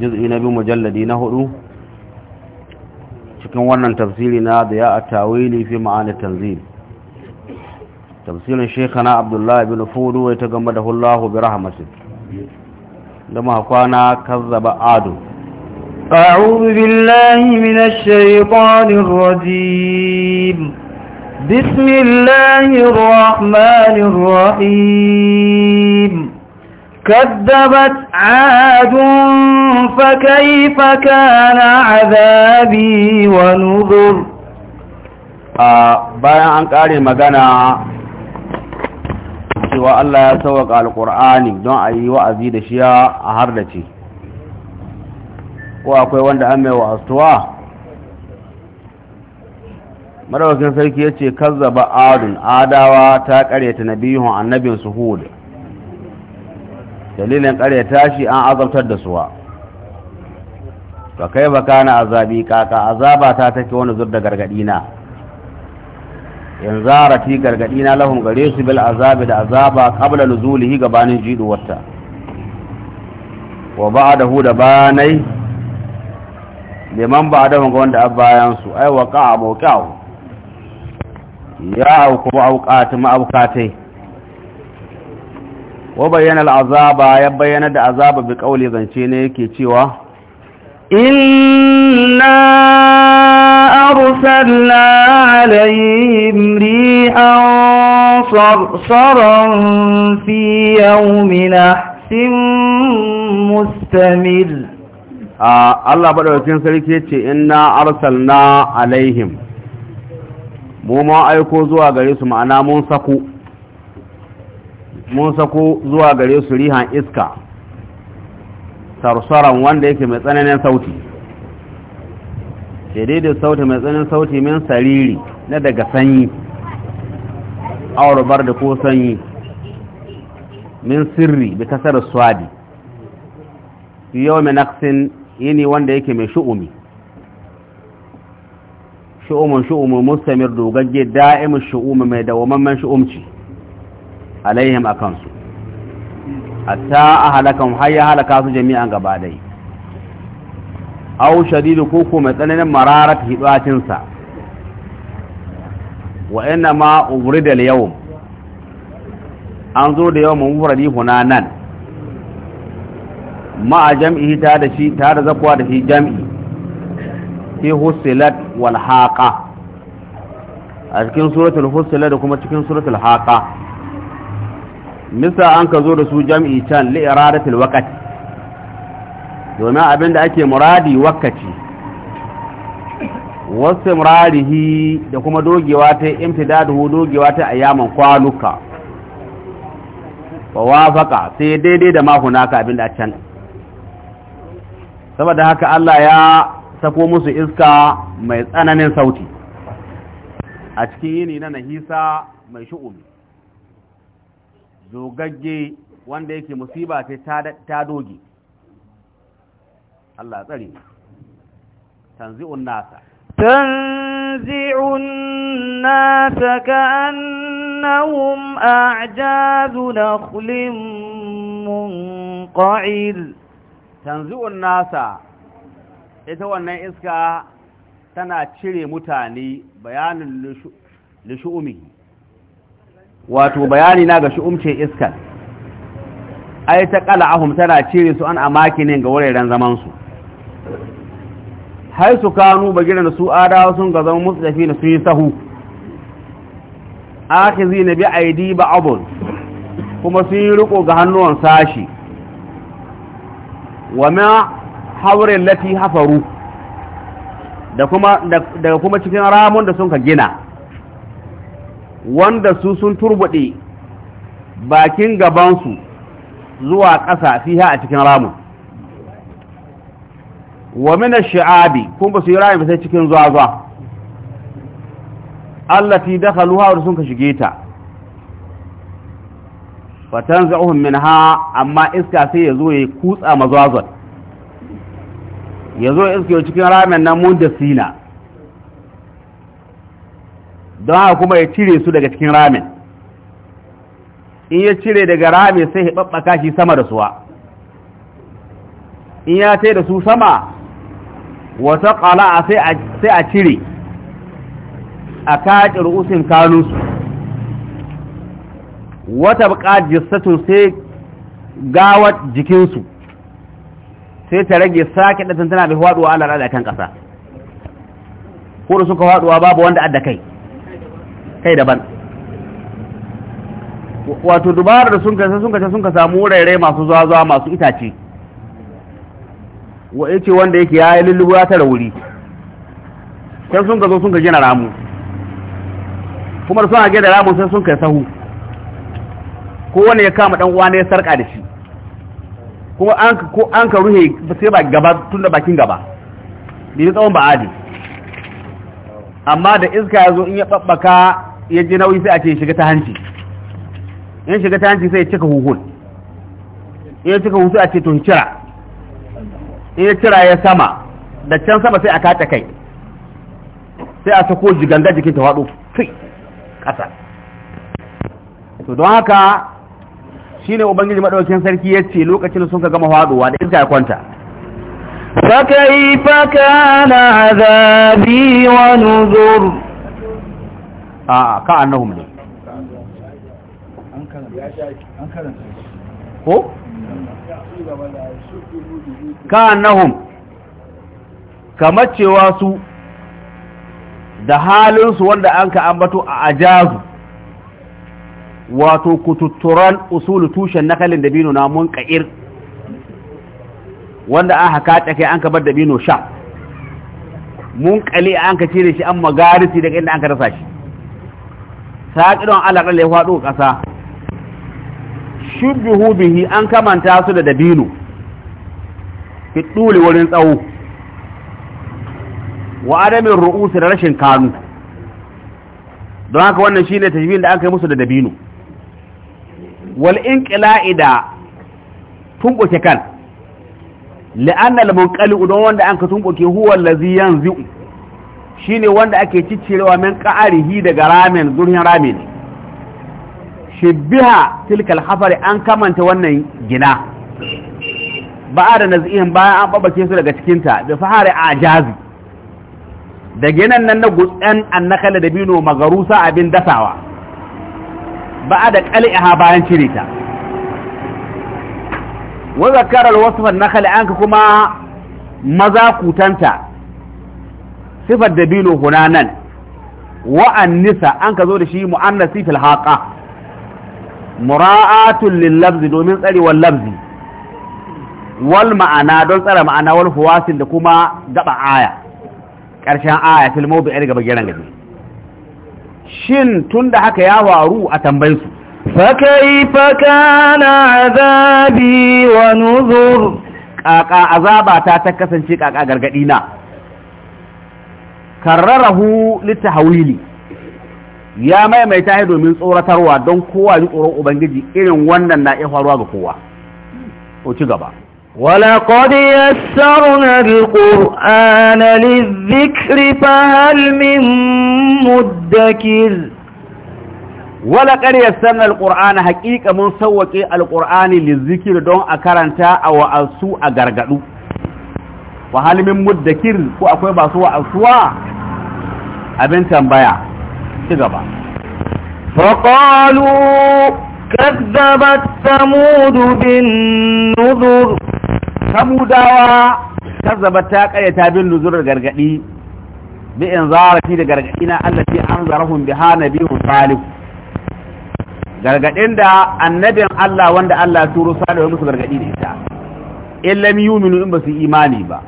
juz'i na biyu mujalladi na hudu cikin wannan tafsiri na da ya a tawili fi ma'ani tanzil tafsirin shekana abdullahi bin fudu wai ta gama da hullahu bi rahmatin da ma kwana kazzaba adu أعوذ بالله من الشيطان الرجيم بسم الله الرحمن الرحيم كذبت عاد فكيف كان عذابي ونذر bayan an ƙare magana cewa Allah ya sauka alkur'ani don a yi wa'azi da shi a hardace ko akwai wanda an mai wa'astuwa madawakin sarki ya ce kazzaba adun adawa ta karyata nabihun annabin suhud dalilin ƙarya tashi an azabtar da suwa Ka kai ba kana azabi kaka azaba ta take wani zur da gargadi na in zarati gargadi na lahum gare su bil azabi da azaba qabla nuzulihi gabanin wata wa ba'dahu da banai liman ba'dahu ga wanda abayan su ai waqa mawqa'u ya auku auqat ma wa bayyana azaba ya bayyana da azaba bi kauli zance ne yake cewa inna arsalna alayhim rihan sarsaran fi yawmin ahsin mustamir Allah baɗaukin sarki ce inna arsalna alaihim mu ma aiko zuwa gare su ma'ana mun saku mun sako zuwa gare su rihan iska sarsaran wanda yake mai tsananin sauti shedidin sauti mai tsananin sauti min sariri na daga sanyi aurubar da ko sanyi min sirri bi kasar swadi yau mai naksin yini wanda yake mai shu'umi shu'umun shu'umun mustamir dogagge da'imin shu'umi mai dawamamman shu'umci alaihim A kansu hatta ahalakan har ya halaka su jami'an gaba dai aw shadidu koko mai tsananin mararat hidatinsa wa ina ma ubrida al yau? an zo da yawm mufradi hunanan ma jam'i ta da shi ta da zakwa da shi jam'i fi husilat wal haqa a cikin suratul husilat da kuma cikin suratul haka misa an ka zo da su jam'i can li'iradatul waqti domin abin da ake muradi wakati wasu muradihi da kuma dogewa ta imtidaduhu dogewa ta ayyaman kwanuka wa wafaka sai daidai da mahunaka abin da a can saboda haka Allah ya sako musu iska mai tsananin sauti a cikin yini na nahisa mai shu'umi zogagge wanda yake musiba ta ta doge Allah tsare tanzi'un nasa tanzi'un nasa ka'annahum a'jazu nakhlim munqa'il tanzi'un nasa ita wannan iska tana cire mutane bayanin lishu'umihi wato bayani na ga shi'umce iskan ai ta kala ahum tana cire su an amakinin ga wuraren zaman su hai su kanu gina da su adawa sun ga zama tafi na su yi sahu akizi na bi aidi ba abun kuma sun yi riko ga hannuwan sashi wa ma haurin lati hafaru da kuma cikin ramun da sun ka gina wanda su sun turbuɗe bakin gabansu zuwa ƙasa fiha a cikin ramu. wa mina sha'abi kun ba su yi ramin sai cikin zuwa-zuwa Allah daga luha wadda sun ka shige ta Fatan min ha amma iska sai ya zo ya kutsa zuwa-zuwa, ya zo iska cikin ramin nan mun da sina don haka kuma ya cire su daga cikin ramin in ya cire daga rami sai ya ɓaɓɓaka shi sama da suwa in ya tai da su sama wata ƙala'a sai a cire a kaƙi ru'usin kanunsu wata buƙa jisatun sai gawar jikinsu sai ta rage sake ɗan tana mai faɗuwa ala kan ƙasa ko da suka faɗuwa babu wanda adda kai kai daban wato dubarar da sun kasa sun kasa sun ka samu wurare masu zuwa zuwa masu itace wa yace wanda yake yayi lullubu ya tara wuri sai sun ka zo sun ka gina ramu kuma da suna gina ramu sai sun kai sahu kowane ya kama dan uwa ne ya sarka da shi kuma an ko an ka ruhe sai ba gaba tun da bakin gaba bi tsawon ba'adi amma da iska ya zo in ya babbaka ya ji nauyi sai a ce shiga ta hanci in shiga ta hanci sai ya cika huhun in ya cika huhun a ce tun cira in ya cira ya sama da can sama sai a kace kai sai a sako jiganga jikin ta faɗo kai ƙasa to don haka shine ubangiji madaukakin sarki ya ce lokacin sun ka gama faɗowa da iska ya kwanta فكيف كان عذابي ونذر a'a ka annahum ne ko ka annahum kamar cewa su da halinsu wanda an ka ambato a ajazu wato kututturan usulu tushen nakalin dabino na mun ka'ir wanda an haka take an ka bar dabino sha mun kali an ka cire shi an magarisi daga inda an ka rasa shi saƙiron alaƙar ya faɗo ƙasa shubbihu bihi an kamanta su da dabino fi ɗuli wurin tsawo wa adamin ru'usu da rashin kanu don haka wannan shine tajbin da aka yi musu da dabino wal in da tumbuke kan la'anna mun ƙali'u don wanda an ka tumbuke huwa laziyan yanzu shi ne wanda ake ciccirewa min ƙa'arihi daga ramin zurhin rami ne biha tilkal hafari an kamanta wannan gina ba da nazi'in bayan an ɓaɓake su daga cikinta ta da fahari ajazi da ginan nan na gutsen annakala da bino magarusa abin dasawa ba da qal'iha bayan cire ta wazakarar wasu alwasfa annakala an kuma maza kutanta sifar dabino hunanan wa'an nisa an ka zo da shi mu'annasi fil haqa mura'atun lil labzi domin tsarewar labzi wal ma'ana don tsara ma'ana wal huwasin da kuma gaba aya ƙarshen aya fil mawdu'i gaba gidan gaji shin tunda haka ya waru a tambayin su فكيف كان عذابي ونذر قاقا عذابا تا تكسنشي قاقا غرغدينا kararrahu lita ya maimaita ya domin tsoratarwa don kowa ji tsoron ubangiji irin wannan na iya faruwa ga kowa o ci gaba wala kodi ya tsaruna riko analiz zikri fahalmin muddakir wala kari ya tsarnar al'ur'ana haƙiƙa mun sauwaƙe al'ur'ani lizikir don a karanta a wa'ansu a gargaɗu fahalmin muddakir ko akwai basu wa'ansuwa abin tambaya ci gaba فقالوا كذبت ثمود بالنذر ثمودوا كذبت تاقيتا بالنذر غرغدي بإنذارتي لغرغدينا التي أنذرهم بها نبيهم صالح gargadin da annabin Allah wanda Allah turo salihu musu gargadi da ita in lam yuminu in basu imani ba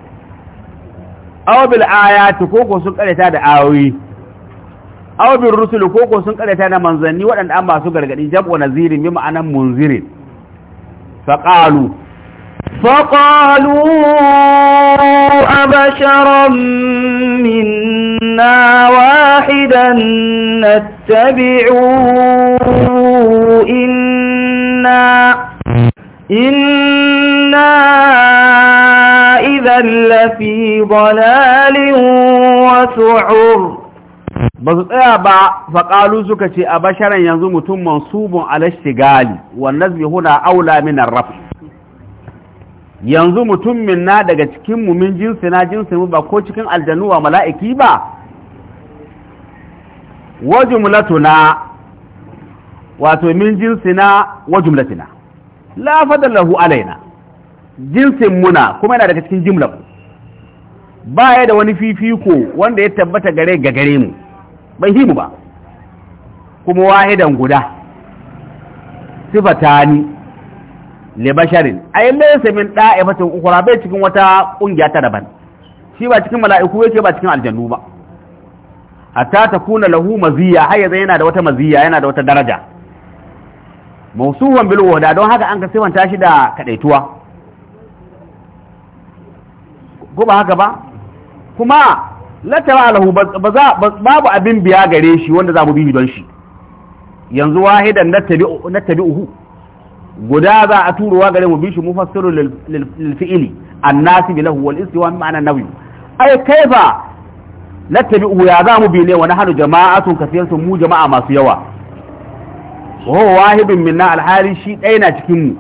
aw bil ayati ko sun karyata da ayoyi aw rusul sun karyata da manzanni waɗanda an masu gargadi jabu nazirin bi ma'anan munzirin faqalu faqalu abasharan minna wahidan nattabi'u inna inna lafi balalin wasu وسعر ba su tsaya ba faƙalu suka ce a basharan yanzu mutum mansubun alashigali wannan zai huna aula minar rafi yanzu mutum minna daga cikin mumin jinsi na jinsi mu ba ko cikin aljanuwa mala'iki ba wajumlatuna wato min jinsi na wajumlatina la fadallahu alaina jinsin muna kuma yana daga cikin jimlar ba ya da wani fifiko wanda ya tabbata gare ga gare mu bai himu ba kuma wahidan guda sifata ni le basharin yi laysa min da'ifatin ukura bai cikin wata kungiya ta daban shi ba cikin mala'iku yake ba cikin aljannu ba hatta kuna lahu maziya hayya yana da wata maziya yana da wata daraja mausuhan bil wahda don haka an ka sifanta shi da kaɗaituwa. ko ba haka ba kuma latara alahu babu abin biya gare shi wanda za mu bi don shi yanzu wahidan na uhu guda za a turowa gare mu bi shi mufassiru lil fi'ili annasi bi lahu wal istiwa ma'ana nawi ai kaifa uhu ya za mu bi ne wa nahnu jama'atun kasiyatun mu jama'a masu yawa wa wahibin minna alhali shi ɗaya na cikin mu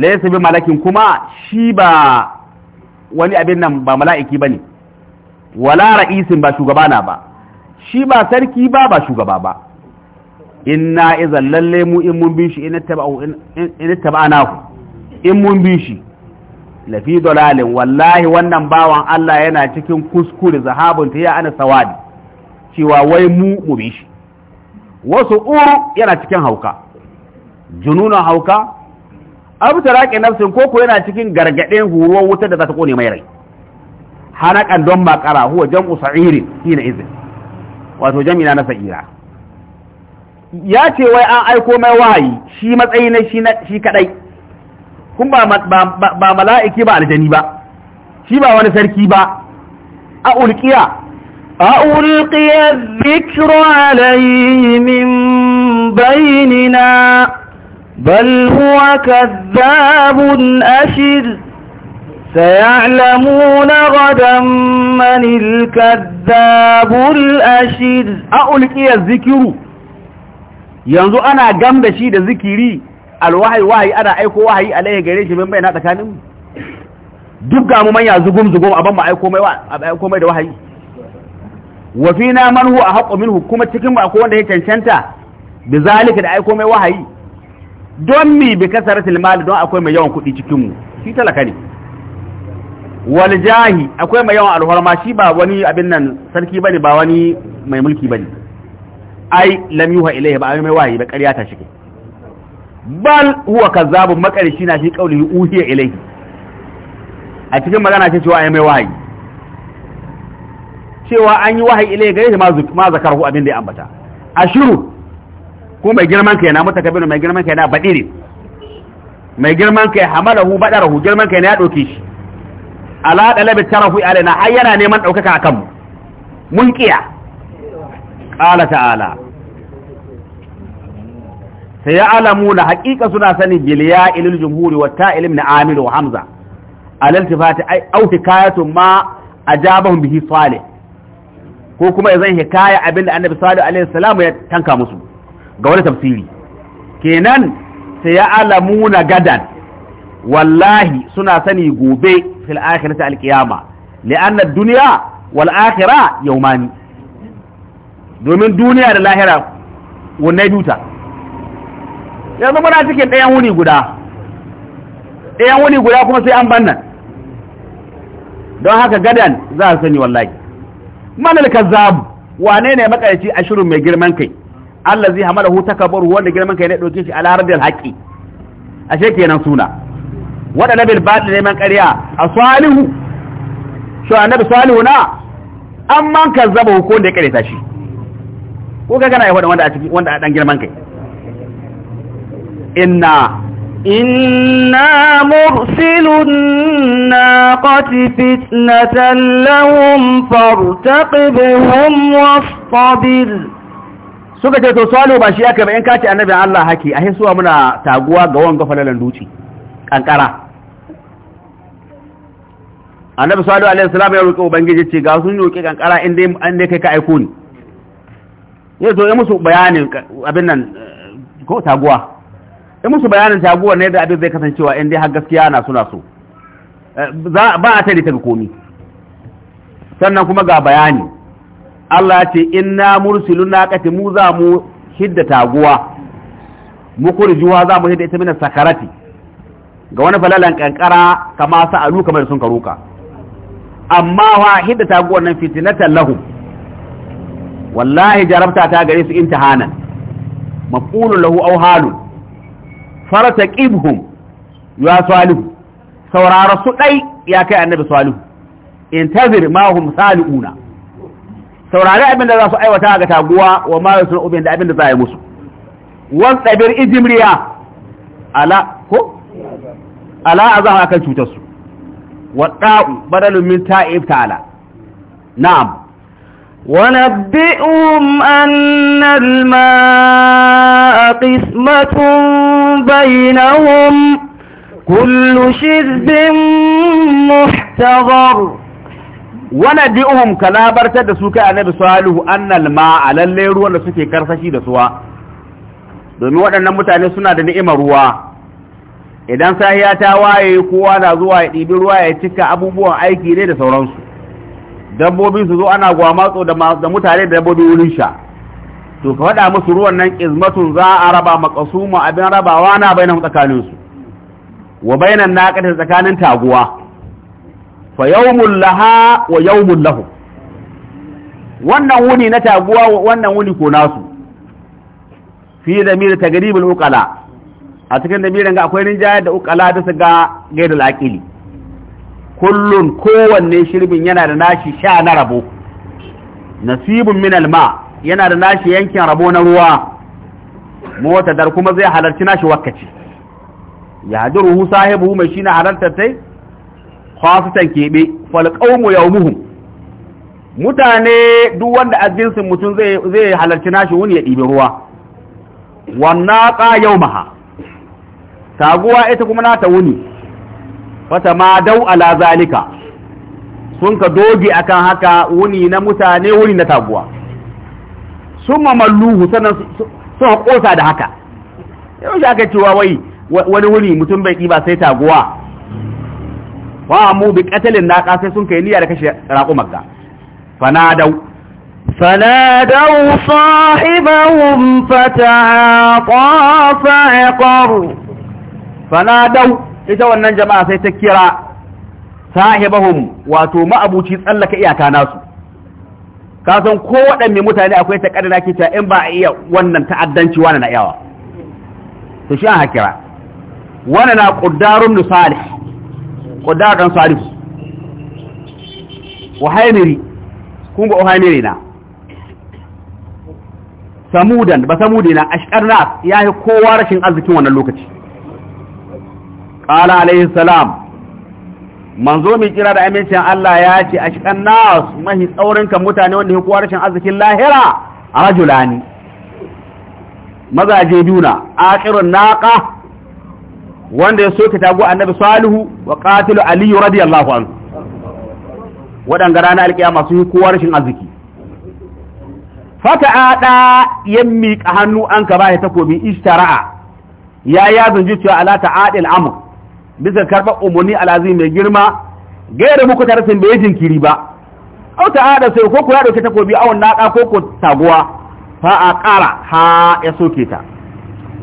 laysa bi malakin kuma shi ba wani abin nan ba mala'iki ba ne wala ra'isin ba shugaba na ba shi ba sarki ba ba shugaba ba Ina iza lalle mu in mun bi shi in ittaba'ana ku in mun bi shi lafi dolalin wallahi wannan bawan Allah yana cikin kuskure zahabun ta ya ana sawadi cewa wai mu mu bi shi wasu uru yana cikin hauka jununan hauka abu taraqi nafsin ko ko yana cikin gargadin huruwar wutar da za ta kone mai rai hanakan don makara huwa jam'u sa'iri hina izin wato Jami'a na sa'ira ya ce wai an aiko mai wahayi shi matsayi na shi shi kadai kun ba ba mala'iki ba aljani ba shi ba wani sarki ba a ulqiya a ulqiya dhikru alayhi min bainina بل هو كذاب أشر سيعلمون غدا من الكذاب الأشر أولئك الذكر yanzu ana gam da shi da zikiri alwahayi ana aiko wahayi alaihi gare shi min bai na tsakanin mu duk ga mu manya zugum zugum aban mu aiko aiko mai da wahayi wa fina man huwa ahqqu minhu kuma cikin ba ko wanda ya cancanta bi zalika da aiko mai wahayi don mi bi kasaratul mali don akwai mai yawan kuɗi cikin mu shi talaka ne wal jahi akwai mai yawan alhorma shi ba wani abin nan sarki bane ba wani mai mulki bane ai lam yuha ilayhi ba mai wahi ba ƙarya ta shike bal huwa kazzabun makarishi na shi qaulihi uhiya ilayhi a cikin magana ce cewa ai mai wahi cewa an yi wahayi ilayhi gare shi ma zakarahu abin da ya ambata ashuru ko mai girman ka yana mutakabbir mai girman ka yana badirin mai girman ka hamalahu badarahu girman ka yana ya dauke shi ala dalabi tarahu alaina ai yana neman daukaka akan mu mun kiya Ƙala ta'ala Sai sayalamuna haƙiƙa suna sani biliya ya'il jumhuri wa ta'il ibn amir wa hamza al iltifati ai au hikayatu ma ajabahum bihi salih ko kuma ya zan hikaya abinda annabi sallallahu alaihi wasallam ya tanka musu ga wani tafsiri kenan sai ya na gadan wallahi suna sani gobe fil akhirati alqiyama li'an ad-dunya wal akhirah yawmani domin duniya da lahira wannan duta yanzu muna cikin ɗayan wuni guda ɗayan wuni guda kuma sai an bannan don haka gadan za a sani wallahi manal kazzab wane ne makarici ashirin mai girman kai Allah zai allazi hamalahu takabbaru wanda girman kai ne dauke shi ala radil haqi ashe kenan suna wadana bil batil neman ƙarya a salihu shi annabi salihu na amman kazzaba ko da ya ƙareta shi ko ka gana ya faɗin wanda a ciki wanda a dan girman kai inna إنا مرسل الناقة فتنة لهم فارتقبهم واصطبر suka ce to salo ba shi aka ba kace annabi Allah haki a hisuwa muna taguwa ga wanga falalan duci kankara annabi salo alaihi salam ya roƙi ubangiji ce ga sun roƙi kankara in dai an dai kai ka aiko ni ya zo ya musu bayanin abin nan eh, ko taguwa ya musu bayanin taguwa ne da abin zai kasancewa in dai har gaskiya na suna so eh, ba a tare ta ga komi sannan kuma ga bayani Allah ce inna na naqati mu za mu hidda taguwa mu kurjuwa za mu hidda ita mina sakarati ga wani falalan kankara kama sa alu kamar sun karuka amma wa hidda taguwar nan fitinata lahum wallahi jarabta ta gare su imtihanan maf'ulun lahu aw Farta farataqibhum ya salihu saurara su dai ya kai annabi salihu intazir ma hum salihuna saurari abin da za su aiwata ga taguwa wa ma yasul da abin da za yi musu wan tsabir ijimriya ala ko ala azahu akan cutar su wa ta'u badalun min ta'ib ta'ala na'am ونبئهم أن الماء قسمة بينهم كل شذب محتضر wana bi ka labartar da su kai annabi salihu annal a lallai ruwan da suke karsashi da suwa domin waɗannan mutane suna da ni'imar ruwa idan sahiya ta waye kowa na zuwa ya ɗibi ruwa ya cika abubuwan aiki ne da sauransu dabbobi su zo ana gwamatso da mutane da dabbobi wurin sha to ka faɗa musu ruwan nan izmatun za a raba makasuma abin rabawa na bainan tsakaninsu wa bainan naƙatar tsakanin taguwa fa yawmul laha wa yawmul lahu wannan wuni na taguwa wannan wuni ko nasu fi damir tagribul uqala a cikin damirin ga akwai rinjaya da uqala da su ga gaidul aqili kullun kowanne shirbin yana da nashi sha na rabo nasibun min alma yana da nashi yankin rabo na ruwa mota dar kuma zai halarci nashi wakkaci ya hadiru sahibu mai shine halartar sai. Fasitan keɓe fal qawmu yawmuhum mutane duk wanda a jinsin mutum zai halarci nashi wuni ya ɗibi ruwa wannan ƙa yau maha taguwa ita kuma nata wuni fata ma dau ala zalika sun ka doge akan haka wuni na mutane wuni na taguwa sun mamalluhu sannan sun ƙosa da haka yau shi aka cewa wai wani wuni mutum bai ɗiba sai taguwa Ba mu bi qatalin naqa sai sun kai niyya da kashe raƙumar magga fanadau فنادوا صاحبهم فتعاطى فعقر fanadau ita wannan jama'a sai ta kira sahibahum wato ma'abuci tsallaka iyaka nasu ka san ko waɗanne mutane akwai ta kadana ke ta in ba a iya wannan ta'addanci wani na yawa to shi an hakira wani na quddarun salih kudda dan sarif wahaimiri kun ga wahaimiri na samudan ba samudina na nas ya yi kowa rashin arzikin wannan lokaci qala alayhi salam manzo mai kira da amincin Allah ya ce nas mahi tsaurin kan mutane wanda ya kowa rashin arzikin lahira rajulani mazaje biyu na akirun naƙa wanda ya soke tagu annabi salihu wa qatilu ali radiyallahu anhu wadanga rana alkiyama su yi kowa rashin arziki fata'ada ya miƙa hannu an ka ya takobi ishtara'a ya ya zunji cewa ala ta'adil amr bisa karɓar umarni alazim mai girma gaira muku tarasin bai jinkiri ba au ta'ada sai ko ku ya dauke takobi awon naka ko ku taguwa fa a ƙara ha ya soke ta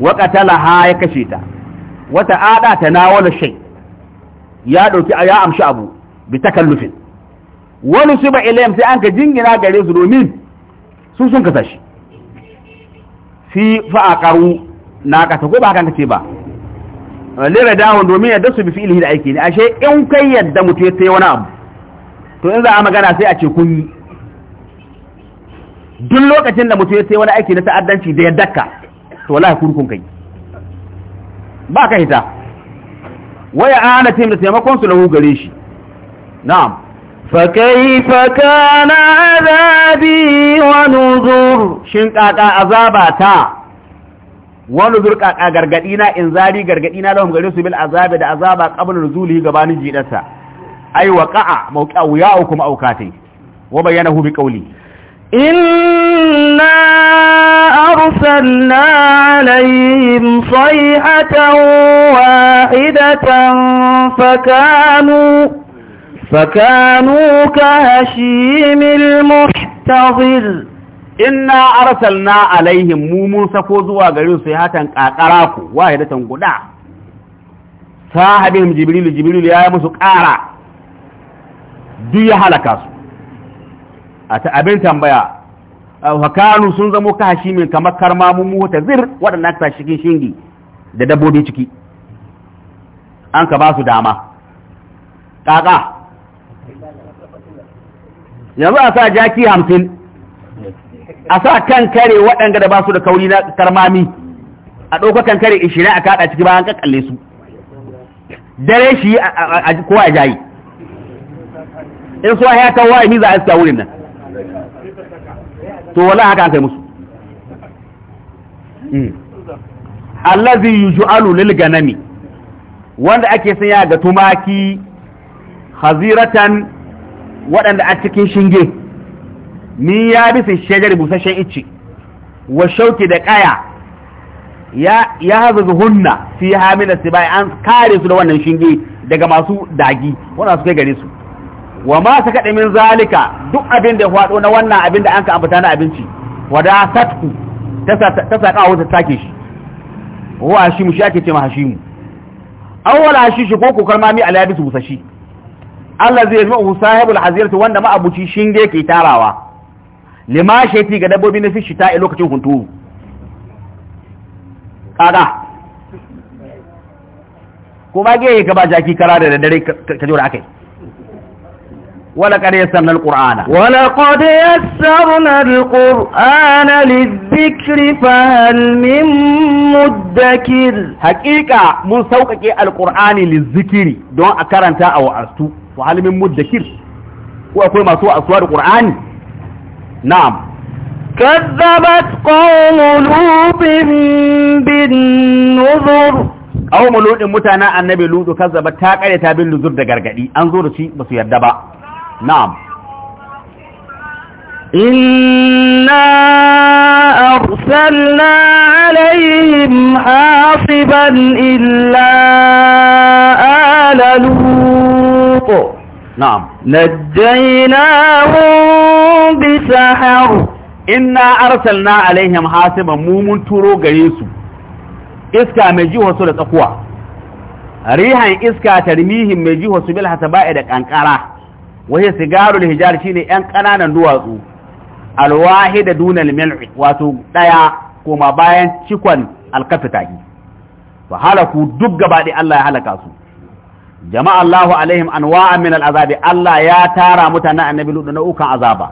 wa ha ya kashe ta wata ada ta nawala shay ya dauki ya amshi abu bi takallufin wani su ba ilayim sai an ka jingina gare su domin su sun kasa shi fi fa'aqaru na kasa ko ba kan ce ba lera dawon domin yadda su bi fi'ilihi da aiki ne ashe in kai yadda mutu ya wani abu to in za a magana sai a ce kun yi duk lokacin da mutu ya wani aiki na ta'addanci da ya dakka to wallahi kurkun kai ba ka hita waya ana tim da taimakon su lahu gare shi na'am fa kayfa kana azabi wa nuzur shin kaka azaba ta wa nuzur kaka gargadi na inzari gargadi na lahum gare su bil azabi da azaba qabl nuzulihi gabanin jidarsa ay waqa'a mawqi'a wiya'ukum awqati wa bayyanahu bi qawlihi إنا أرسلنا عليهم صيحة واحدة فكانوا فكانوا كهشيم المحتضر inna arsalna alaihim mu mun sako zuwa garin su hatan kakara ku wahidatan guda sahabihim jibril jibril ya musu ƙara, duk ya halaka su abin tambaya hakanu ah, sun zamo ka hashimin kamar karma mun ta zir waɗanda aka cikin shingi da dabbobi ciki an ka ba su dama kaka yanzu a sa jaki hamsin a sa kan kare waɗanda da ba su da kauri na karmami a ɗauka kan kare ishirin a kaɗa ciki bayan kakkalle su dare shi kowa ya jayi in suwa ya kawo wa za a iska wurin nan to wala haka an kai musu hmm. allazi yuj'alu lil ganami wanda ake sanya ga tumaki haziratan waɗanda a cikin shinge ni ya bisa shajar busasshen icce wa shauki da kaya ya ya haza zuhunna fi hamila sibai an kare su da wannan shinge daga masu dagi wanda su kai gare su wa ma saka min zalika duk abin da ya faɗo na wannan abin da an ka ambata na abinci wada satku ta saka wata take shi wa hashimu shi ake ce ma hashimu awwal hashishi ko ko mi alabi su busashi Allah zai yi uhu sahibul hazirati wanda ma'abuci shinge ke tarawa lima sheti ga dabbobi na fishi ta lokacin hunturu kada ko ba ge ka ba jaki kara da dare ka jira akai ولقد يسرنا القرآن ولقد يسرنا القرآن للذكر فهل من مدكر حقيقة من سوقك القرآن للذكر دون أكرنتا أو أستو فهل من مدكر وأقول ما سوى أسوار القرآن نعم كذبت قوم لوط بالنذر قوم لوط متانا النبي لوط كذبت تاقية بالنذر دقرقدي أنظر شيء بس يدبا نعم إنا أرسلنا عليهم حاصبا إلا آل لوط نعم نجيناهم بسحر إنا أرسلنا عليهم حاصبا مومن تورو غريسو إسكا مجيوه سورة أقوى ريحا iska tarmihin mai jiho su bil hasaba'i da kankara wahi sigarul hijara shine yan kananan duwatsu alwahida dunal mil'i wato ɗaya koma bayan cikon alkafitahi fa halaku duk baɗi Allah ya halaka su jama'a Allahu alaihim anwa'an min al'azabi Allah ya tara mutanen annabi lutu na ukan azaba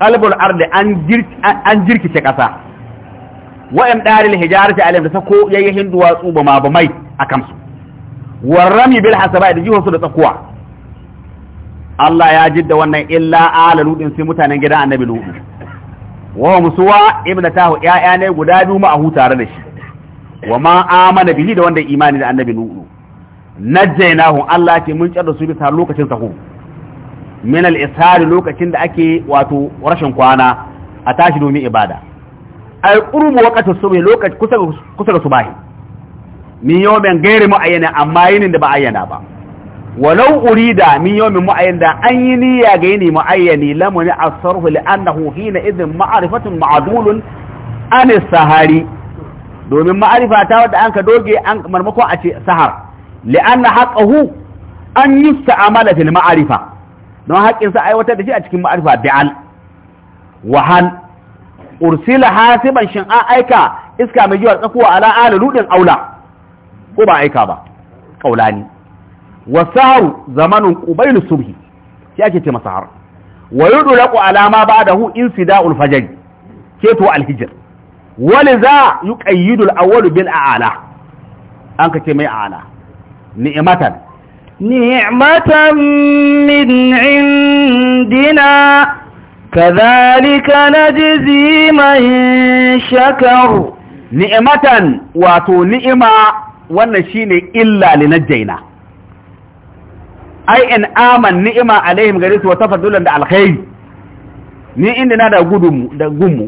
qalbul ardi an jirki an jirkice kasa wa'am daril hijarati alaihim da sako yayyin duwatsu ba ma ba mai akan su warrami bil hasabai da jihar su da tsakuwa Allah ya da wannan illa ala ludin sai mutanen gidan annabi lutu wa musuwa Ibn ibnatahu ya'ya ne guda biyu ma ahu tare da shi wa ma amana bihi da wanda imani da annabi lutu najjaynahu Allah ce mun da su bisa lokacin sahur min al-ishari lokacin da ake wato rashin kwana a tashi domin ibada Ai qurbu waqtu subh lokaci kusa kusa da subahi min yawmin gairi mu'ayyana amma yinin da ba ayyana ba walau urida min yawmin mu'ayyan da an yi niyya ga yini mu'ayyani lamuni asarhu li'annahu hina idhin ma'rifatun ma'dulun an sahari domin ma'arifa ta wadda an ka doge an marmakon a ce sahar li'anna haqqahu an yusta'amala fil ma'arifa don haƙƙin sa aiwatar da shi a cikin ma'arifa bi'al wa hal ursila hasiban shin an aika iska mai jiwa tsakuwa ala ala ludin aula ko ba aika ba kaulani wa sahru zamanun qubayl subhi shi ake ce masahar wa yudlaqu ala ma ba'dahu insida'ul fajr keto al-hijr waliza yuqayyidu al-awwal bil a'la an ka ce mai a'la ni'matan ni'matan min indina كذلك نجزي من shakar. نعمة wato نعمة wannan shine illa linajjaina. ai in aman ni'ima alaihim gare su wa tafaddulan da alkhairi ni inda na da gudun da gummu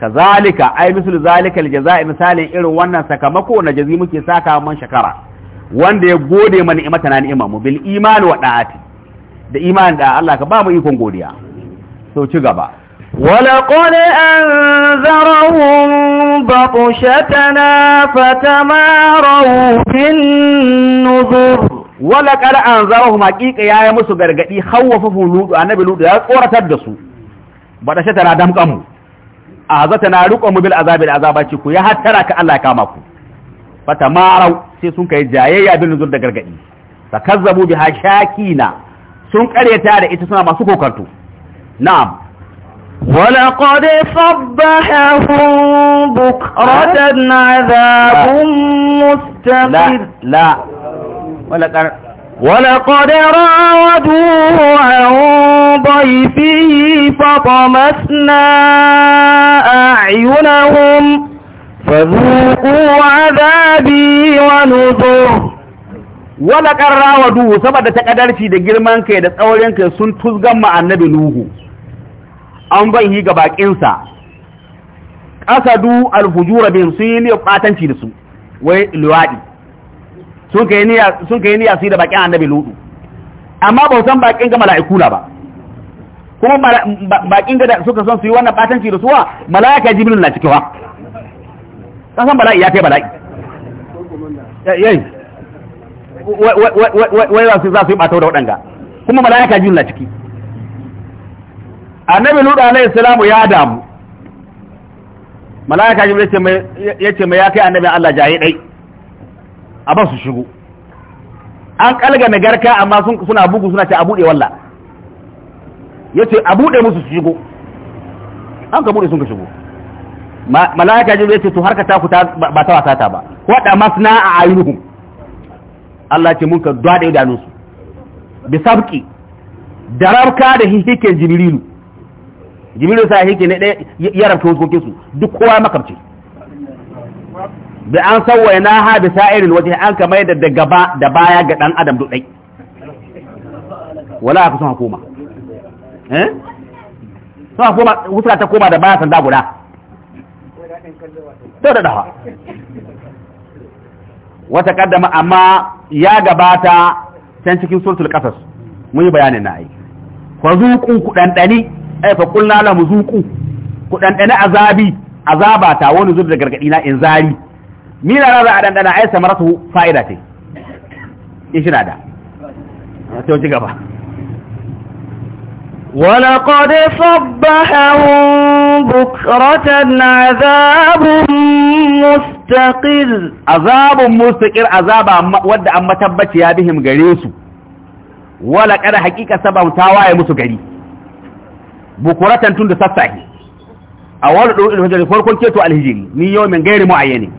kazalika ai misul zalika aljaza'i misalin irin wannan sakamako na jazi muke saka man shakara wanda ya gode mana ni'imata na ni'ima mu bil imani wa da'ati da imani da Allah ka ba mu ikon godiya so ci gaba ولقد أنذرهم بطشتنا فتماروا بالنذر wala qad mu hakika ya musu gargadi khawwafa a nabi ludu ya tsoratar da su bada shi tana damkan mu azata na ruqa mu bil azabi al azabaci ku ya hattara ka Allah kama ku fatamarau sai sun kai jayayya bin nuzul da gargadi fakazzabu biha shakina sun karyata da ita suna masu kokarto na'am ولقد صبحهم بكرة عذاب مستقر لا لا ولقد ولقد راودوه عن ضيفه فطمسنا da girman kai da tsaurin kai sun tusgan ma annabi Nuhu an bai ga baƙinsa. sa qasadu al-fujura bihim sun yi da su wai luwaɗi. sun ka niyya sun kai da bakin annabi ludu amma bautan bakin ga mala'iku na ba kuma bakin ga suka son su yi wannan batanci da suwa mala'ika jibin na cikin wa, ƙasan bala'i ya kai bala'i yayi wai za su za su yi batau da waɗanga kuma mala'ika jibin na ciki annabi ludu alaihi salamu ya damu mala'ika jibril ya ce mai ya kai annabi Allah jaye dai a ba su shigo an kalgame garka amma suna bugu suna ce a buɗe walla ya ce a buɗe musu su shigo an ka buɗe sun ka shigo malaka jibril ya ce to harka taku ba ta wasa ta ba wada na a ayyuhum Allah ce mun ka dwada idanunsu bi sabki da rabka da hihiken jibrilu jibrilu sa hike ne ɗaya ya rabta wasu su duk kowa makamci Da an na ha bi sa'irin waje an ka mai da gaba da baya ga dan adam dudai wala ka san hukuma eh son hukuma wuta ta koma da baya sanda guda to da dawa wata kaddama amma ya gabata can cikin suratul qasas mun yi bayanin na ai fa zuqu kudandani ai fa qulna lahum zuqu kudandani azabi azabata wani zuwa da gargadi na in zari mina na za a dandana ai samaratu fa'ida ce in na da to ci gaba ولقد صبحهم بكرة عذاب مستقر عذاب مستقر عذاب ود أما تبت يا بهم غريسو ولقد حقيقة سبب تاواي مسقري بكرة تند سفاهي awal do ilmu jari farkon keto alhijiri ni yau min gairi muayyani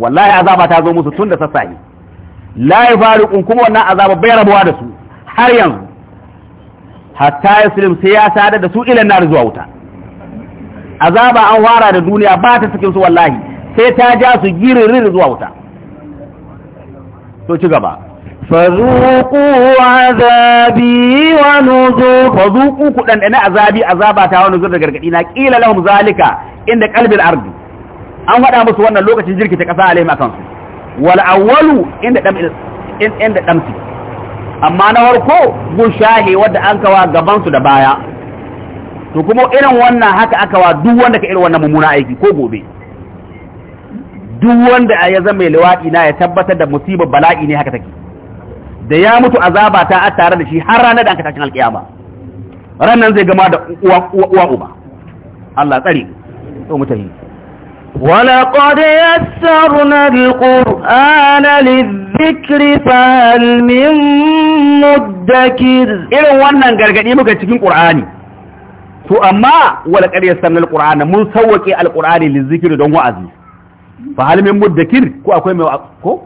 wallahi azaba ta zo musu tun da sassafe la faruƙun kuma wannan azaba bai rabuwa da su har yanzu hatta yaslim sai ya sada da su ila nar zuwa wuta azaba an fara da duniya ba ta cikin su wallahi sai ta ja su giririn zuwa wuta to ci gaba فذوقوا عذابي ونذر فذوقوا كدن انا عذابي عذابا تا ونذر daga gargadi na kila lahum zalika inda qalbil ardi an faɗa musu wannan lokacin jirkita ƙasa a laima su wal awwalu inda dam inda damsi amma na farko shahi wanda an kawa gaban su da baya to kuma irin wannan haka aka wa duk wanda ka irin wannan mummuna aiki ko gobe duk wanda ya zama mai liwaɗi na ya tabbatar da musibar bala'i ne haka take da ya mutu azaba ta a tare da shi har ranar da aka tashin alƙiyama ranar zai gama da uwa uba Allah tsare to mutane ولقد يسرنا القرآن للذكر فهل من مدكر إذن وانا نقرق إيمو كتكين قرآني تو أما ولقد يسرنا القرآن من سوكي القرآن للذكر دون وعزي فهل من مدكر كو أكوي ميو أكو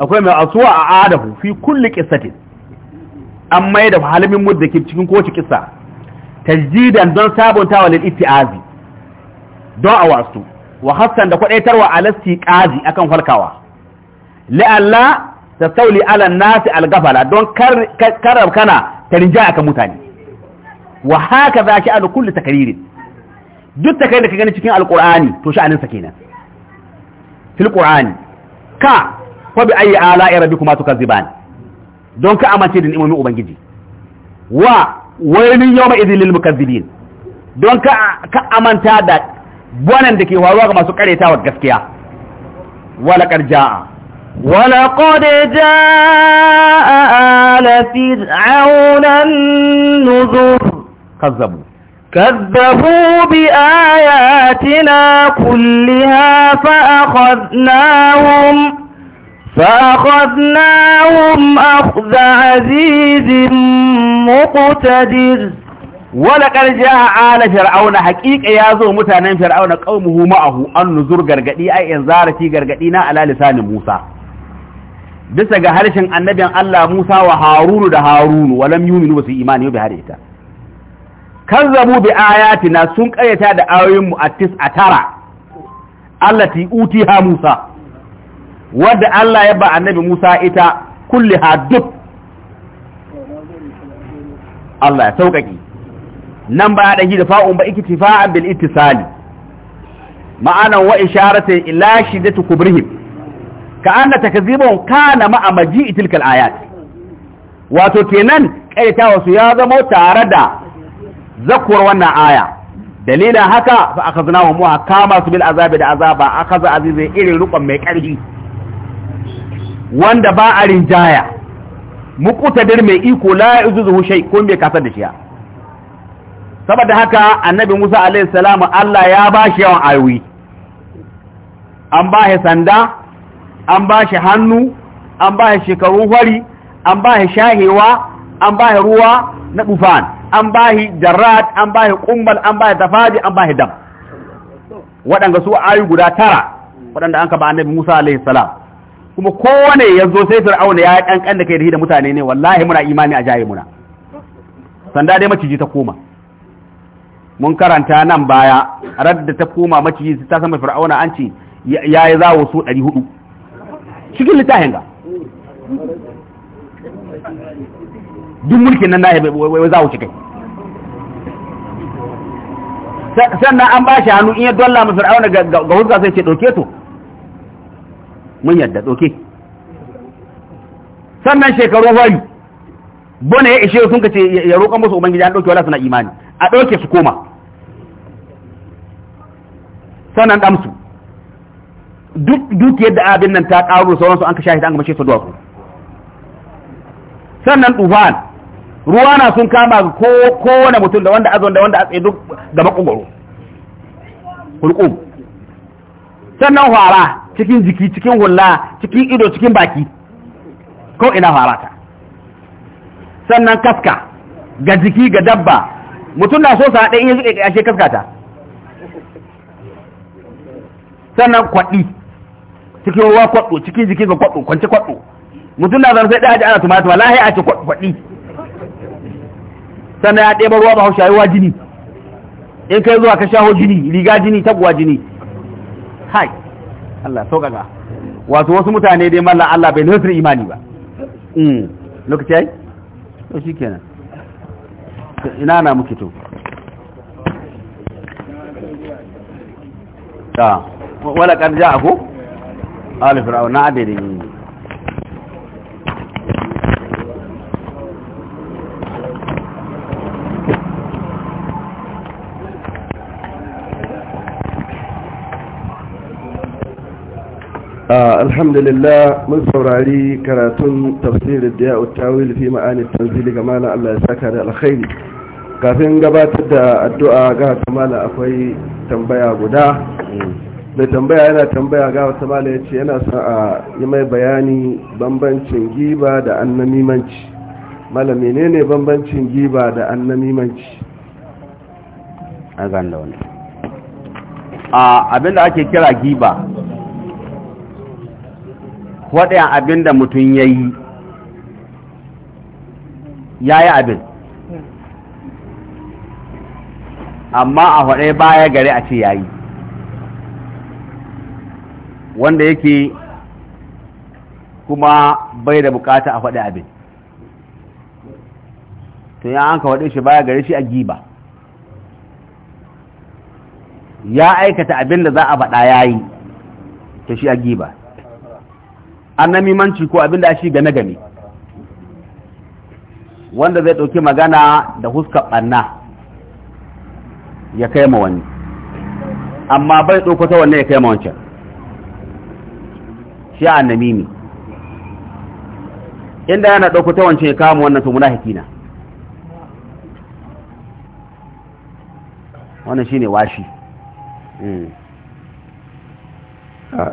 أكوي ميو أسوأ أعاده في كل كسة أما يدف فهل من مدكر تكين كوش كسة تجديدا دون سابون تاولي للإتعازي دون أواسطو wa hassan da kwadaitarwa alasti kazi akan halkawa la'alla tastauli ala nasi algafala don karar kana tarinja akan mutane wa haka za ki alu kulli takririn duk da ka gani cikin alqur'ani to sha'anin sa kenan fil qur'ani ka fa bi ayi ala rabbikuma tukazziban don ka amince da ni'imomin ubangiji wa wailin yawma idhil lil mukazzibin don ka ka amanta da بوانا دكي وارواغ ما سكري تاوت قسكيا ولقد جاء ولقد جاء آل فرعون النذر كذبوا كذبوا بآياتنا كلها فأخذناهم فأخذناهم أخذ عزيز مقتدر wala karja ala fir'auna haqiqa ya zo mutanen fir'auna qaumuhu ma'ahu an nuzur gargadi ai inzarati gargadi na ala lisanin Musa bisa ga harshen annabin Allah Musa wa Harunu da Harunu walam yuminu basu imani bi har ita kazzabu bi ayatina sun qayyata da ayoyin mu atis atara allati utiha Musa wadda Allah ya ba annabi Musa ita kulli ha duk Allah ya sauƙaƙi nan ba ɗan da fa’un ba iktifa'an bil ittisali ma’ana wa isharatin ila shiddati kubrihim ka anna takazibon kana na ma’amaji itilkal ayat wato kenan ƙaita wasu ya zama tare da zakuwar wannan aya dalilin haka fa zina wa kama su bil azabi da azaba aka akaza azizai irin rukon mai ƙarfi. wanda ba a rinjaya muqtadir mai iko la yuzuhu hushai ko bai kasar da shi saboda haka annabi Musa alaihi salamu Allah ya ba shi yawan ayoyi an ba shi sanda an ba shi hannu an ba shi shekaru hwari an ba shi shahewa an ba shi ruwa na dufan an ba shi jarrat an ba shi an ba shi tafaji an ba shi dam waɗanda su ayoyi guda tara waɗanda an ka ba annabi Musa alaihi salam kuma kowane yazo sai Fir'auna ya yi kankan da kai da mutane ne wallahi muna imani a jaye muna sanda dai maciji ta koma mun karanta nan baya da ta koma maciji ta sama fir'auna an ce ya yi wasu ɗari 400 cikin littafin ga duk mulkin nan nahi bai wuce kai, sannan an ba shi hannu in ya dolla mai fir'auna ga huzza sai ce ɗauke to mun yadda ɗauke sannan shekaru wari bane ya ishe sun ka ce ya roƙon musu ubangiji an ɗauke wala suna imani a ɗauke su koma sannan ɗamsu duk yadda abin nan ta ƙaru sauransu an ka shahida an gamashe su duwatsu sannan tufan ruwa na sun kama ko kowane mutum da wanda azon da wanda a tsaye duk ga makogoro hulƙum sannan hwara cikin jiki cikin hula cikin ido cikin baki ko ina hwara ta sannan kaska ga jiki ga dabba mutum na so sa ɗaya ya zuƙe ƙashe kaskata sannan kwaɗi cikin ruwa kwaɗo cikin jikin ga kwaɗo kwanci kwaɗo mutum na zan sai ɗaya ji ana tumatuma lahi a ce kwaɗi sannan ya ba ruwa ba hau shayuwa jini in kai zuwa ka shaho jini riga jini taguwa jini hai Allah sauƙaƙa wato wasu mutane dai mallan Allah bai nufin imani ba hmm, lokaci ai to inana muke to ta wala kan ja ku alif rawa الحمد لله من صورالي كراتون تفسير الدياء والتاويل في معاني التنزيل كما لا الله يساكر على خير kafin gabatar da addu'a ga samala akwai tambaya guda mai tambaya yana tambaya ga wata ya ce yana son a yi mai bayani bambancin giba da annamimanci mala menene bambancin giba da annamimanci a ganda wani abinda ake kira giba waɗanda abinda mutum ya yi ya yi abin amma a haɗe baya gare a ce yayi wanda yake kuma bai da bukata a faɗi abin to ya an ka faɗi shi baya gare shi a giba ya aikata abin da za a faɗa yayi to shi a giba annan namimanci ko abin da shi game-game wanda zai ɗauki magana da huskar ɓanna ya kai ma wani amma bai ɗauko ta wannan ya kai ma wancan shi a ne inda yana ɗauko ta wancan ya kama wannan to munafiki na wannan shine washi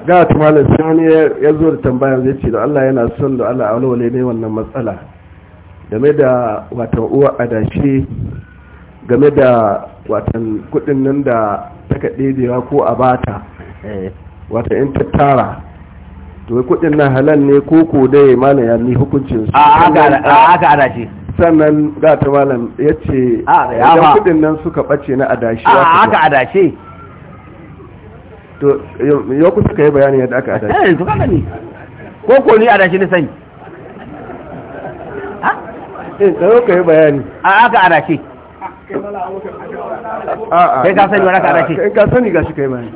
ga hmm. ta sani ya zo da tambaya zai ce da Allah yana son da Allah alawale ne wannan matsala game da watan uwa adashi game da watan kudin nan da taka ɗebewa ko a bata eh. wata in tattara to kudin nan halal ne ko ko dai malam ya ni hukuncin su a aka adashi sannan ga ta malam ya ce idan kudin nan suka bace na adashi a aka adashi to yau kusa ka yi bayani yadda aka adashi eh to kaga ko ko ni adashi ne sani ha eh, tsaro ka yi bayani a aka adashi kai ka sani wani kada kai ka sani kai bayani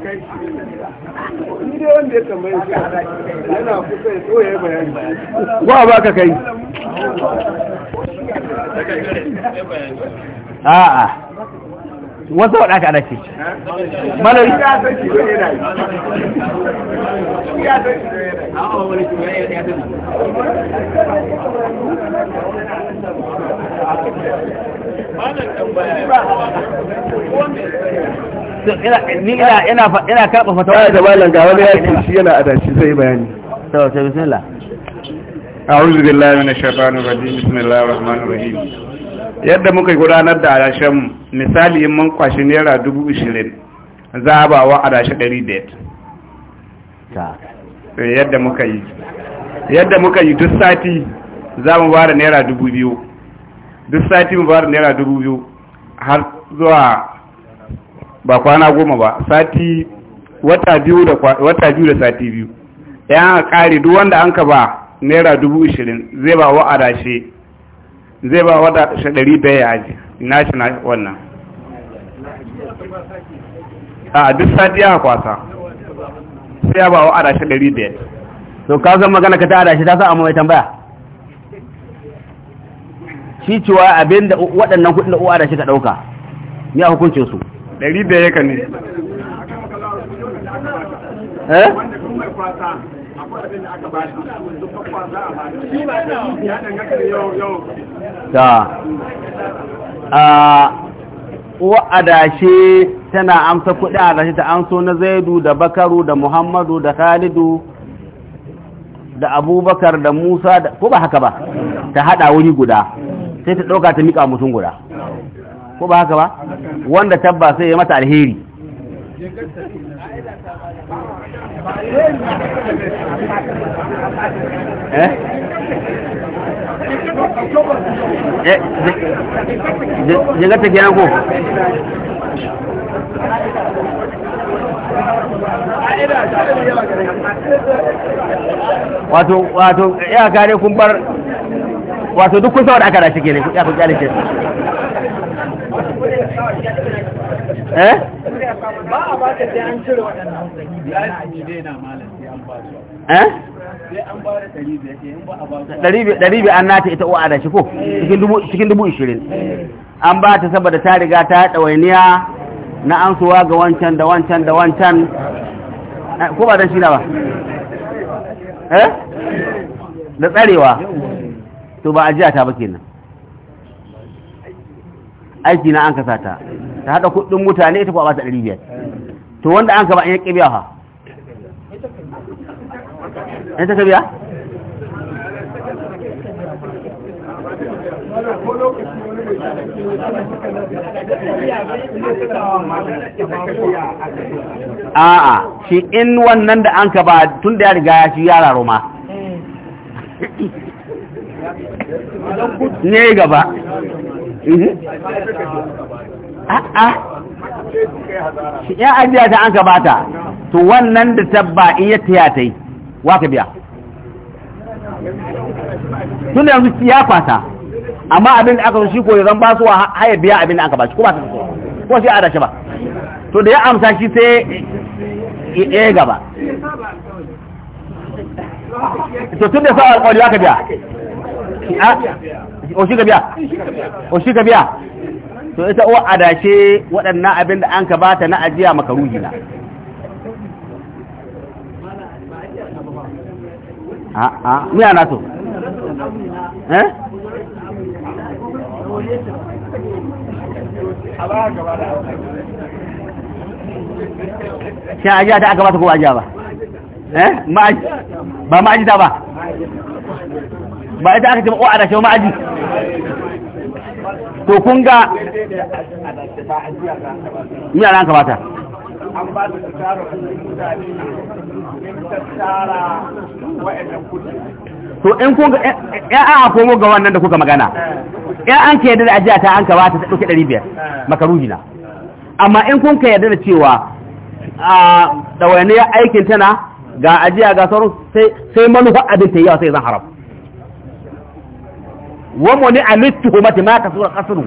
wanda ya tambaye shi yana kusa ya bayani wa ba ka kai a'a wasu waɗa ka dace malari ya ina karɓa wani da malam ga wani shi yana adashi bayani sai rahim yadda muka gudanar da adashin misali in mun kwashi naira 20,000 za a ba wa adashi 100 eh, yadda muka yi yadda duk sati za mu ba da naira 2000 duk sati mu bayar naira dubu biyu har zuwa ba kwana goma ba sati wata biyu da wata biyu da sati biyu yan kare duk wanda an ka ba naira dubu ishirin zai ba wa shi, zai ba wata ɗari bai ya aji na shi na wannan a duk sati ya kwasa sai ya ba wa adashe ɗari biyar to ka zama magana ka ta adashe ta sa amma mai tambaya shi cewa abin da waɗannan kuɗin da uwa da shi ɗauka ya hukuncin su ɗari da yaka ne a uwa adashe tana amsa kuɗi a adashe ta amso na zaidu da bakaru da muhammadu da khalidu da abubakar da musa da ko ba haka ba ta haɗa wuri guda sai ta ɗauka ta miƙa mutum guda ko ba haka ba wanda tabba sai ya mata alheri jigar ta gina ko wato wato ya kare kun bar wato duk kun saboda aka dace ke ne ya kun kyale ce eh ba a ba ta sai an cire waɗannan eh ɗari biyu an nata ita uwa da shi ko cikin dubu ishirin an ba ta saboda ta riga ta ɗawainiya na an suwa ga wancan da wancan da wancan eh, ko ba don shi na ba eh da tsarewa to ba ajiya ta ba kenan aiki na an kasa ta ta hada kudin mutane ita kuwa ba ta 500 to wanda an ka ba an yake biya ha an ta biya a'a shi in wannan da an ka ba tun da ya riga ya ci yara roma ne gaba mhm. a'a ah, ah. ya ajiya ta an gabata, to wannan da tabba in ya tiyatai wa ka biya tun yanzu ya kwasa amma abin da aka shi ko zan ba su haya biya abin da aka ba shi ko ba su ko shi a da shi ba to da ya amsa shi sai ya gaba to tun da sa alƙawari ya ka biya o shi ka o shi ka to ita uwa adashe waɗannan abin da an ka bata na ajiya makaruhi na A! miya na to eh shi ajiya ta aka bata ko ajiya ba eh ba ajiya ba ba ita aka ce ba oh, a dace ma'aji to kun ga miya ran ka bata an ba su tsaro to in kun ga ya a komo ga wannan da kuka magana eh. ya an ka yadda da ajiya ta an ka bata ta dauke 500 eh. makaruhi na amma in kun ka yadda da cewa a wani aikin tana ga ajiya ga sauran sai manufa abin ta yi yawa sai zan haram wa muni alittu mata ma ka sura kasru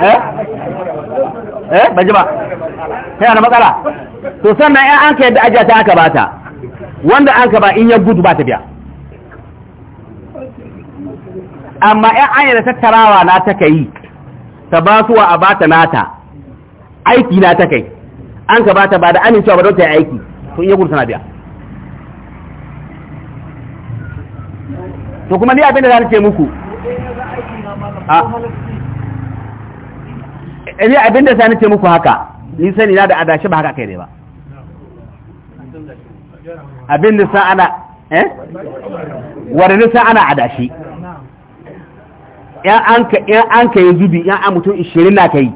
eh eh baji ba sai ana matsala to sannan ya an ka yadda ajiya ta aka bata wanda an ka ba in ya gudu ba ta biya amma ya an yadda tattarawa na ta ka yi ta ba wa a ta nata aiki na ta kai an ka ta ba da amincewa ba don ta yi aiki to iya gudu sana biya to kuma ni abin da za ce muku eh, ni abin da za ce muku haka ni sani na da adashi ba haka kai ne ba abin da sa ana eh wadda sa ana adashi yan an ka yi zubi yan an mutum ishirin na ka yi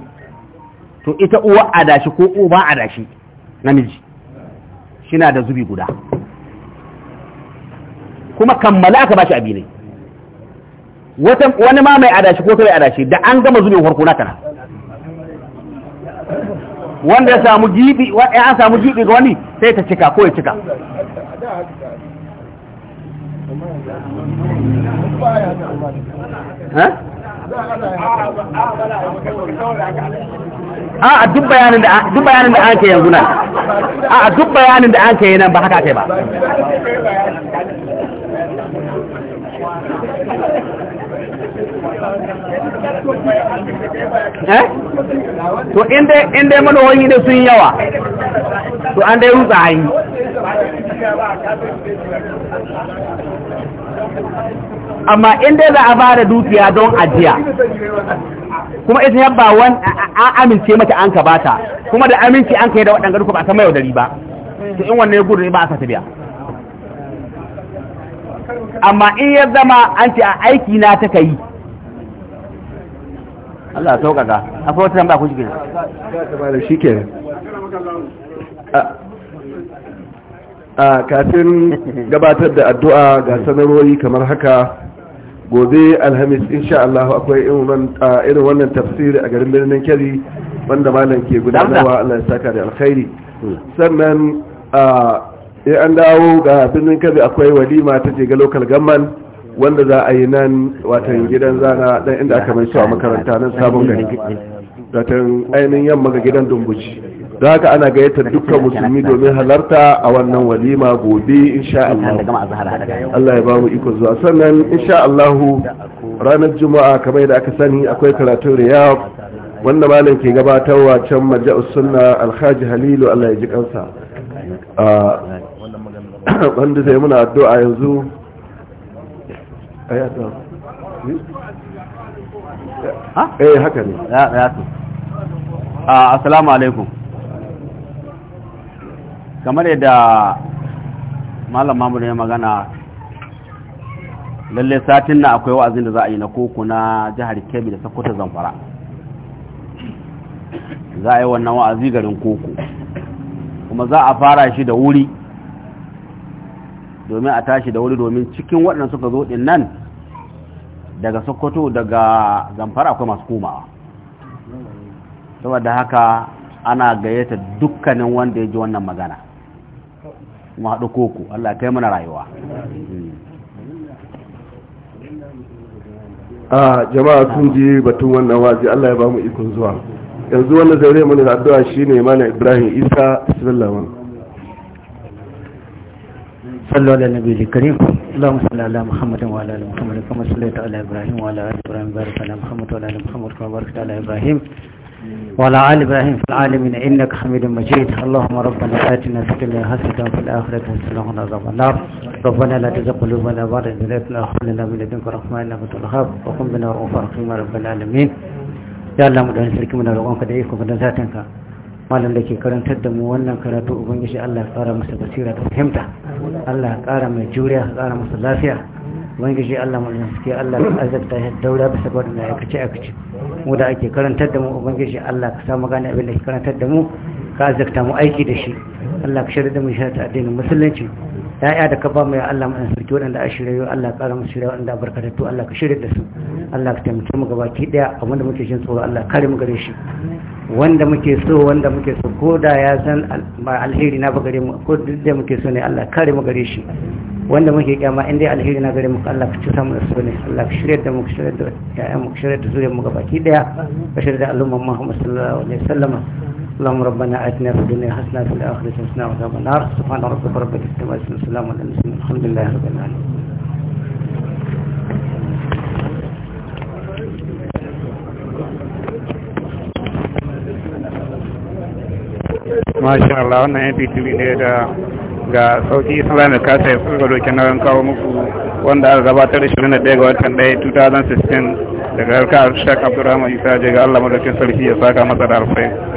to ita uwa adashi ko uba adashi namiji shina da zubi guda kuma kammala aka bashi abi ne wani ma mai adashi ko ta mai adashi da an gama zubin farko na kana wanda ya samu gibi an samu gibi ga wani sai ta cika ko ya cika a duk bayanin da an ke yanzu nan a duk bayanin da an ke nan ba haka kai ba eh to inda inda manoyi da sun yawa to an dai rutsa hanyi amma inda za a fara dukiya don ajiya kuma isa yabba wani an amince mata an ka ta kuma da aminci an yi da waɗanda duka ba a samayau dari ba to in wannan ya gudu ne ba a sa biya amma in ya zama an ce a aiki na ta kai Allah sauƙaƙa akwai wata tambaya ko shi ke a kafin gabatar da addu'a ga sanarori kamar haka gobe alhamis insha Allah akwai irin wannan tafsiri a garin birnin kyari wanda malam ke gudanarwa Allah ya saka da alkhairi sannan in an dawo ga birnin kyari akwai walima ta je ga local gamman wanda za a yi nan watan gidan zana dan inda aka mai a makaranta nan sabon gari watan ainihin yamma ga gidan dumbuci don haka ana gayyatar dukkan musulmi domin halarta a wannan walima gobe insha Allah Allah ya ba mu iko zuwa sannan insha Allah ranar juma'a kamar yadda aka sani akwai karatun riyab wanda malam ke gabatarwa can maja'us sunna alhaji halilu Allah ya ji kansa wanda zai muna addu'a yanzu ayata eh haka ne ya ya assalamu alaikum kamar yadda malam mamuru ya magana lalle satin na akwai wa'azin da za a yi na koko na jihar kebbi da sakkwata zamfara za a yi wannan wa'azi garin koko kuma za a fara shi da wuri domin a tashi da wuri domin cikin waɗanda suka zo ɗin nan daga sakkwato daga zamfara akwai masu komawa saboda haka ana gayyata dukkanin wanda ya ji wannan magana mu haɗu koko Allah kai mana rayuwa a jama'a sun ji batun wannan wazi Allah ya ba mu ikon zuwa yanzu wannan zaure mana da addu'a shine mana Ibrahim Isa sallallahu sallallahu alaihi nabi الكريم اللهم صل على محمد وعلى ال محمد كما صليت على ابراهيم وعلى ال ابراهيم بارك على محمد وعلى ال محمد كما باركت على ابراهيم وعلى آل إبراهيم في العالمين إنك حميد مجيد اللهم ربنا آتنا في الدنيا حسنة وفي الآخرة حسنة وقنا عذاب النار ربنا لا تزغ قلوبنا بعد إذ هديتنا وهب لنا من لدنك رحمة إنك أنت الوهاب وقم بنا رؤوفا رحيما رب العالمين يا الله مدعو سرك من roƙonka da iko da zatanka malam da ke karantar da mu wannan karatu ubangiji Allah ya ƙara masa basira da fahimta Allah ya ƙara mai juriya ya ƙara masa lafiya wani shi Allah mulkin suke Allah ka azabta ya daura bisa ga wadanda ya kace aka ce mu da ake karantar da mu ubangiji Allah ka samu gane abin da ke karantar da mu ka azabta mu aiki da shi Allah ka shirya da mu ta addinin musulunci ya'ya da ka ba mu ya Allah mu sarki waɗanda a shirya Allah ka ƙara mu shirya waɗanda barkatattu Allah ka shirya da su Allah ka taimake mu gabaki daya abinda muke jin tsoro Allah kare mu gare shi wanda muke so wanda muke so ko da ya san ba alheri na ba gare mu ko duk da muke so ne Allah kare mu gare shi wanda muke kyama inda alheri na gare mu Allah ka cuta mu da su ne Allah ka shirya da mu ka shirya da ƴaƴan mu ka shirya da zuwa mu ga baki daya ka shirya da al'umma Muhammad sallallahu alaihi wasallam اللهم ربنا آتنا في الدنيا حسنه وفي الاخره حسنه وقنا عذاب النار سبحان ربك رب العزه عما يصفون وسلام على المرسلين الحمد لله رب العالمين masha Allah wannan mp3 ne da ga sauki islamic kasa ya tsoga dokin nauyin kawo muku wanda aka gabatar 21 ga watan 1 2016 daga harkar shak abdurrahman isa je ga allah madaukin sarki ya saka masa da alfai